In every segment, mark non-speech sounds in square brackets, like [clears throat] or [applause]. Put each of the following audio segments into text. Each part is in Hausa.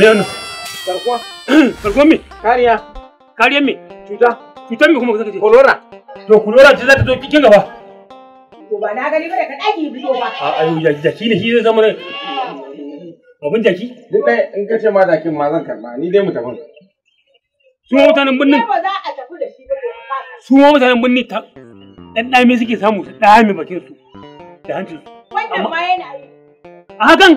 me karkuwa [clears throat] kariya kariya mi? cuta Cuta mi kuma kace kolora to kolora ce za ta zo gaba to ba na gani ba da biyo ba a ayo jaki ne shi zai zama abin jaki duk dai in ma jakin ma zan ni dai mu tafi mutanen birnin ba za a tafi da shi ba mutanen ta dame suke samu su bakin da a hakan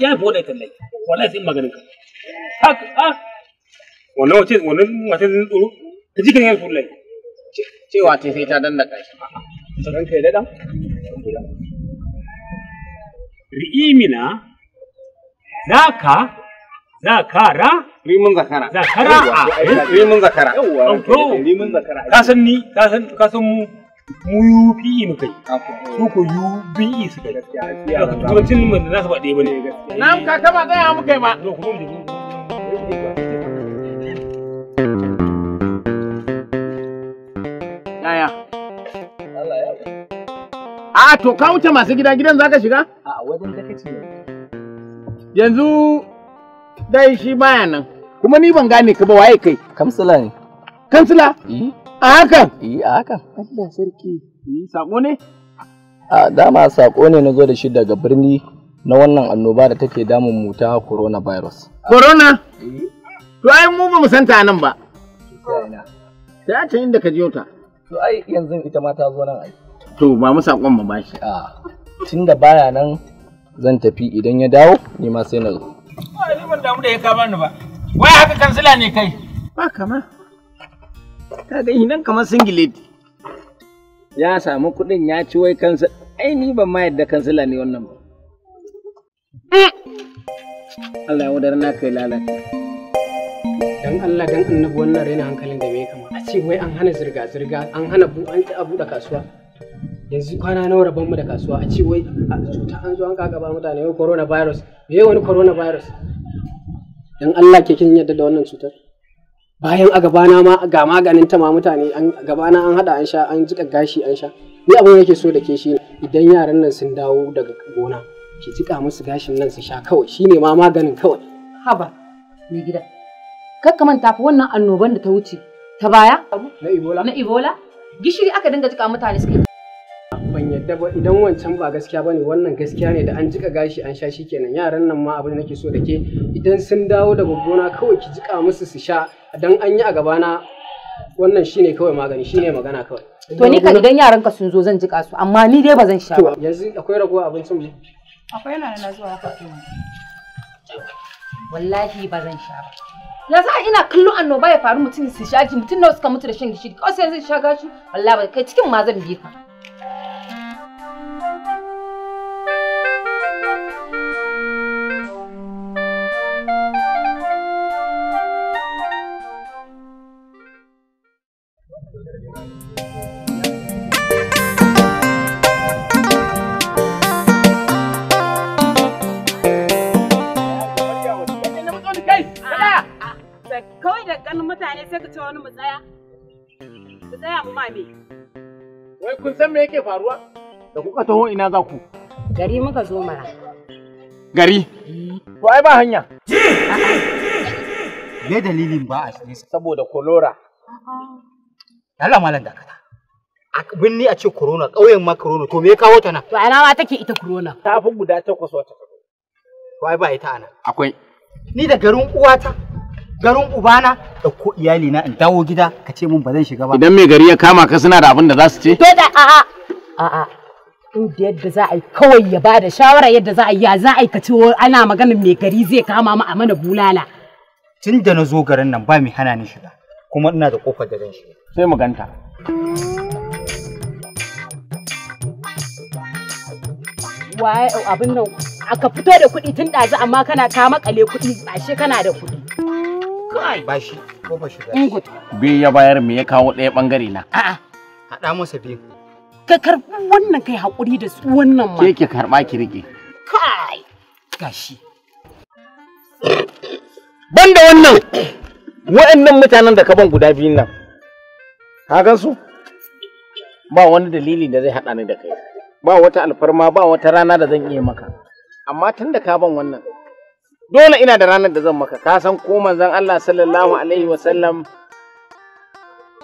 ya fi wadai tallahi wala sai maganin ka haka ha wannan wace wannan wace zan tsoro ta jikin ya rasulullahi cewa ce sai ta danna kai ta ranka kai dada ri'imina zaka zakara rimin zakara zakara rimin zakara rimin zakara ka san ni ka san ka san mu mu UPE muka yi su ko UBE suka yi to Yaya? A to ka wuce masu gida gidan zaka shiga? A wajen da kace. Yanzu dai shi baya nan. Kuma ni ban gane ka ba waye kai? Kamsila ne. kansila eh. a hakan eh, a hakan Allah sarki eh, sako ne a dama sako ne na zo da shi daga birni na wannan annoba da take damun mu ta coronavirus corona to ai mu ba mu santa nan ba ta ta inda ka jiyo ta to ai yanzu ita ma ta zo nan ai to ba mu sakon ba bashi a tunda baya nan zan tafi idan ya dawo ni ma sai na zo ba ni ban damu da ya kama ni ba wai haka kansila ne kai ba kama ka ga nan kamar singileti ya samu kuɗin ya ci wai kansa ai ni ban ma yadda kansila ne wannan ba Allah ya wadar na kai lalata dan Allah dan annabi wannan raina hankalin da me kama a ce wai an hana zirga zirga an hana bu an ta abu da kasuwa yanzu kwana nawa rabon mu da kasuwa a ce wai cuta an zo an kaga ba mutane wai Virus. me wani Corona Virus? dan Allah ke kin yadda da wannan cutar bayan a gabana ma ga maganin ta ma mutane an gabana an hada an sha an jika gashi an sha ni abin yake so da ke shi idan yaran nan sun dawo daga gona ki jika musu gashin nan su sha kawai shine ma maganin kawai haba mai gida kar ka manta fa wannan annoban da ta wuce ta baya na ibola na ibola gishiri aka dinga jika mutane suke yadda ba idan wancan ba gaskiya bane wannan gaskiya ne da an jika gashi an sha shi kenan yaran nan ma abin da nake so da ke idan sun dawo da gwaggona kawai ki jika musu su sha dan an yi a gabana wannan shine kawai magani shine magana kawai to ni ka idan yaran ka sun zo zan jika su amma ni dai ba zan sha ba yanzu akwai ragowa abincin mu akwai yana na zuwa haka wallahi ba zan sha ba na sa ina kallon annoba ya faru mutum su shaji mutum nawa suka mutu da shan gishiri kawai sai zai sha gashi wallahi kai cikin ma zan bi ka Kawai da ganin mutane sai ka ce yake faruwa? Da kuka taho ina za ku? Gari muka zo mara. Gari? To ai ba hanya. Me dalilin ba a shi saboda kolora. Allah malam dakata. A binni a ce corona ƙauyen ma corona to me ya kawo ta nan? To ana ma take ita corona. Ta fi guda takwas wata. To ai ba ita ana. Akwai. Ni da garin uwata garin ubana da ko iyali na in dawo gida ka ce mun ba zan shiga ba. Idan mai gari ya kama ka suna da abin da za su ce? To da a'a In da yadda za a yi kawai ya ba da shawara yadda za a yi ya za a yi ka ce ana maganin mai gari zai kama mu a mana bulala. Tun da na zo garin nan ba mai hana ni shiga kuma ina da kofar da zan shiga. sai mu ganta waye oh, abin nan aka fito da kuɗi tun ɗazu amma kana ka makale kuɗi ashe kana da kuɗi kai shi ko ba shi biyu ya bayar me ya kawo ɗaya bangare na a'a haɗa masa biyu ka karɓi wannan kai haƙuri da su wannan ma ke karɓa ki rike kai gashi banda wannan wa'annan mutanen da ka ban guda biyun nan ka gan su ba wani dalili da zai haɗa ni da kai ba wata alfarma ba wata rana da zan iya maka amma tun da ka ban wannan dole ina da ranar da zan maka ka san ko manzon Allah sallallahu alaihi wasallam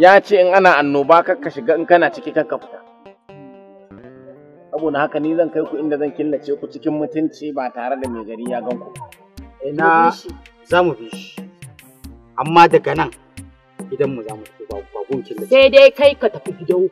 ya ce in ana annoba kakka shiga in kana ciki kanka fita na haka ni zan kai ku inda zan killace ku cikin mutunci ba tare da mai gari ya gan ku ina za mu shi amma daga nan idan mu za mu ba sai dai kai ka tafi ku.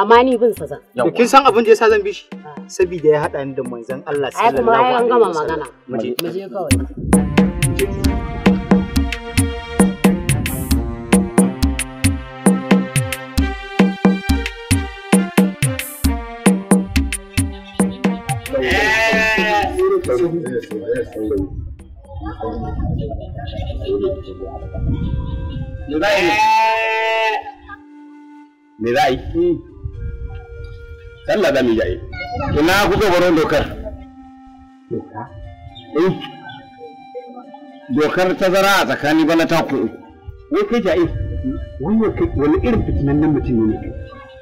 amma ni bin sa zan kin san abin da yasa zan bi shi ah. saboda ya hada ni da manzon Allah sallallahu alaihi wasallam ai kuma an gama magana mu je kawai Thank you. Me za a yi? Me za a yi? Sallah za mu baron dokar? Doka? Eh. Dokar tazara a tsakani bana ta ku. Wai kai ja'i. Wannan kai wani irin fitinan nan mutum ne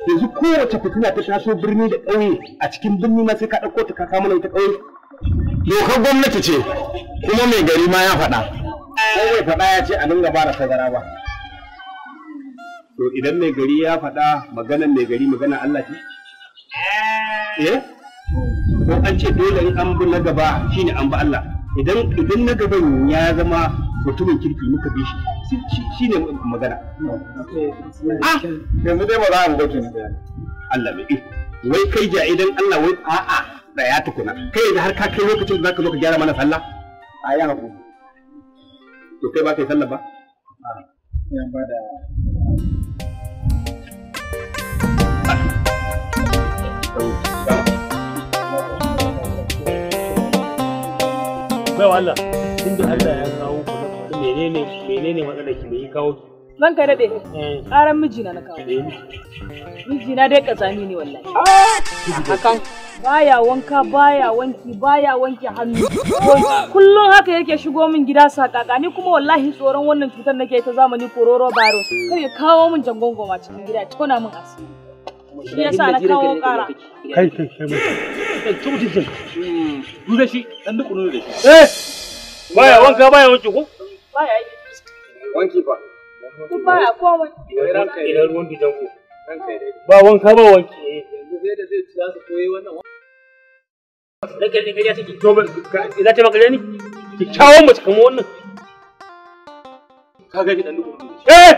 Yanzu kowace fitina ta taso birni da ƙauye a cikin birni ma sai ka ɗauko ta ka kama ta ƙauye. Dokar gwamnati ce kuma mai gari ma ya faɗa. Ko bai faɗa ya ce a dinga bara tazara ba. to idan mai gari ya faɗa maganan mai gari magana Allah ce eh. eh ko an ce dole in an bi na gaba shine an bi Allah idan idan na gaban ya zama mutumin kirki muka bi shi shi ne magana ah yanzu dai ba za a mu gaji Allah mai iko wai kai ja idan Allah wai a'a da ya tukuna kai da har ka kai lokacin da zaka zo ka gyara mana sallah a yi hakuri to kai ba yi sallah ba ah, yan ba da bawa Allah tun da Allah ya kawo menene menene matsalar ki bai kawo ki Ranka daɗe, eh. ƙaran mijina na kawo. Mijina dai kazani ne wallahi. Hakan. Ah! Baya wanka, baya wanki, baya wanke hannu. Kullum haka yake shigo min gida saƙaƙa ni kuma wallahi tsoron wannan cutar nake ta zamani kororo virus. kai ya kawo min jangongoma cikin gida, tona min asiri. Shi yasa na kawo ƙara. Kai kai kai. mutum hmm. sun duda shi duk da shi eh baya wanka baya wanke ko baya yi wanki baya idan ruwan ko ba wanka ba wanki eh, yanzu da zai ci za su koyi wannan dan take to za ta maka ki wannan ka ga ki duk eh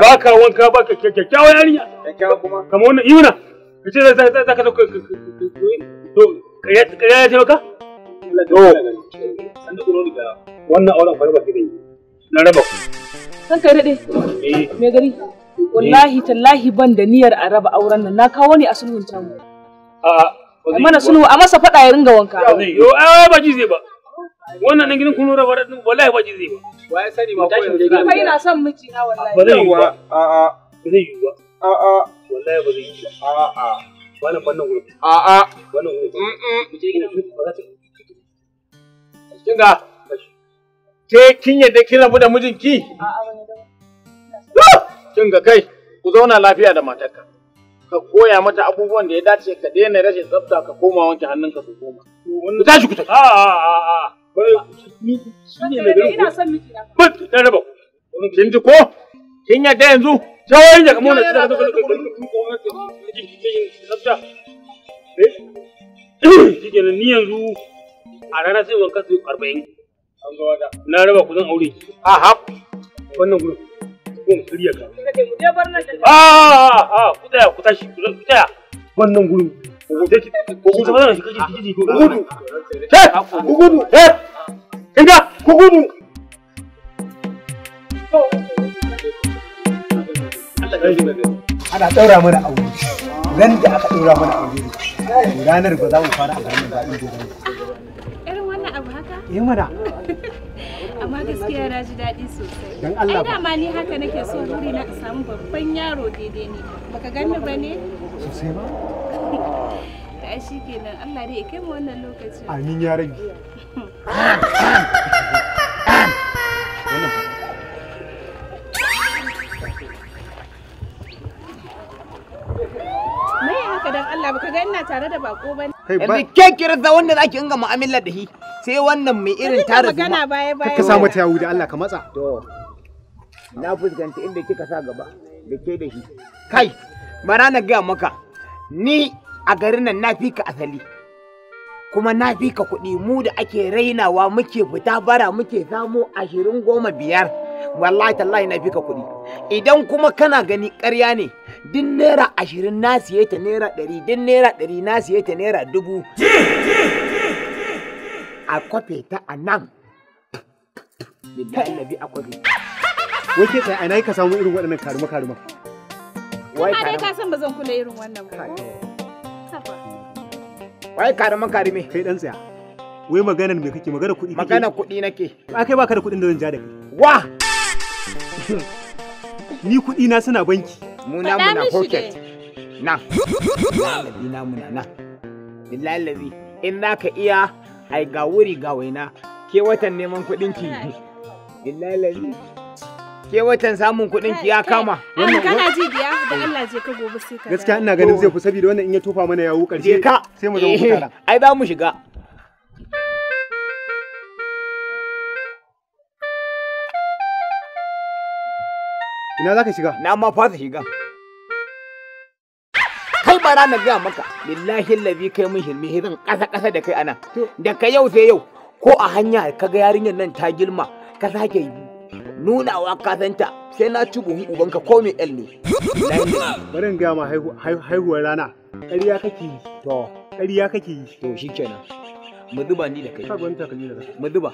ba ka wanka ba ka yarinya kyakkyawa kuma kamar wannan iuna ka ce zai za ka dauka to kariya kariya ya taimaka to san wannan auren fa ba kai na raba ku san kai dade eh. me gari wallahi tallahi ban da niyyar a raba auren nan na kawo ne a sulhun ta mu a a mana sulhu a masa faɗa ya ringa wanka yo ai ba ji zai ba wannan nan gidan kuno raba wallahi ba ji zai ba wa sani ba ko kai na son miji na wallahi ba zai yi ba a a ba zai yi ba a a wallahi ba zai yi a a wannan fannin gurbi a a wannan gurbi kin ga ke kin yadda kin rabu da mijinki a a kin ga kai ku zauna lafiya da matarka ka koya mata abubuwan da ya dace ka daina rashin tsafta ka koma wanke hannunka koma ku tashi ku ba kin ji ko kin yadda yanzu 저희 이제 그만해. 내가 너 그걸 누구 잡자. Shike nan ni yanzu a rana sai wanka su arba'in. Na raba kudin aure. A hap wannan gurin. Kun shirya ka. A a ku tsaya ku tashi ku tsaya. Wannan gurin. Ku gudu. Ku gudu. Ku gudu. Ku gudu. Ku gudu. Ku gudu. ana ɗaura mana aure nan da aka ɗaura mana aure ranar ba za mu fara a garin ba inda irin wannan abu haka eh mana amma gaskiya na ji daɗi sosai dan Allah ai dama ni haka nake so wuri na samu babban yaro daidai ne baka ganni ba ne sosai ba [laughs] ai shikenan Allah dai ya kai mu wannan lokacin amin ya rabi [laughs] ba ina tare da bako ba yanzu ke kirza wanda zaki inga mu'amala da shi sai wannan mai irin tare magana baya baya ka samu ta da Allah ka matsa to na fuskanci inda kika sa gaba da ke da shi kai bara na gaya maka ni a garin nan na fi ka asali kuma na fi ka kuɗi mu da ake rainawa muke fita bara muke samo ashirin goma biyar wallahi tallahi na fika kuɗi idan kuma kana gani ƙarya ne duk naira ashirin na siye ta naira ɗari duk naira ɗari na siye ta naira dubu a kwafe ta a nan na bi a kwafe wace tsaye a ka samu irin waɗannan karuma karuma wai karuma ka san ba zan kula irin wannan ba wai karuma karume kai dan tsaya wai maganar me kake magana kuɗi kake magana kuɗi nake ba kai baka da kuɗin da zan ja da kai wa Ni kuɗi na suna banki. Mu na muna pocket. na. Lalabi na muna nan. Lalabi in na ka iya ai ga wuri ga waina. Ke watan neman kuɗin ki. Lalabi. Ke watan samun kuɗin ki ya kama. kana ji biya da Allah je ka gobe sai ka. Gaskiya ina ganin zai ku saboda wannan in ya tofa mana yawo karshe. Je ka. Sai mu zo mu tara. Eh, ai za mu shiga. Ina za ka shiga? Na ma fasa shiga. bara na gaya maka, lillahi lazi kai mun hirmi zan ƙasa-ƙasa da kai anan. Da ka yau sai yau, ko a hanya ka ga yarinyar nan ta girma, ka sake nuna ka kasanta sai na ci buhun ubanka ko mai el ne. Bari in gaya ma haihuwar rana, ƙarya kake yi. To, ƙarya kake yi. To, shi kenan. Mu zuba ni da kai. Mu zuba.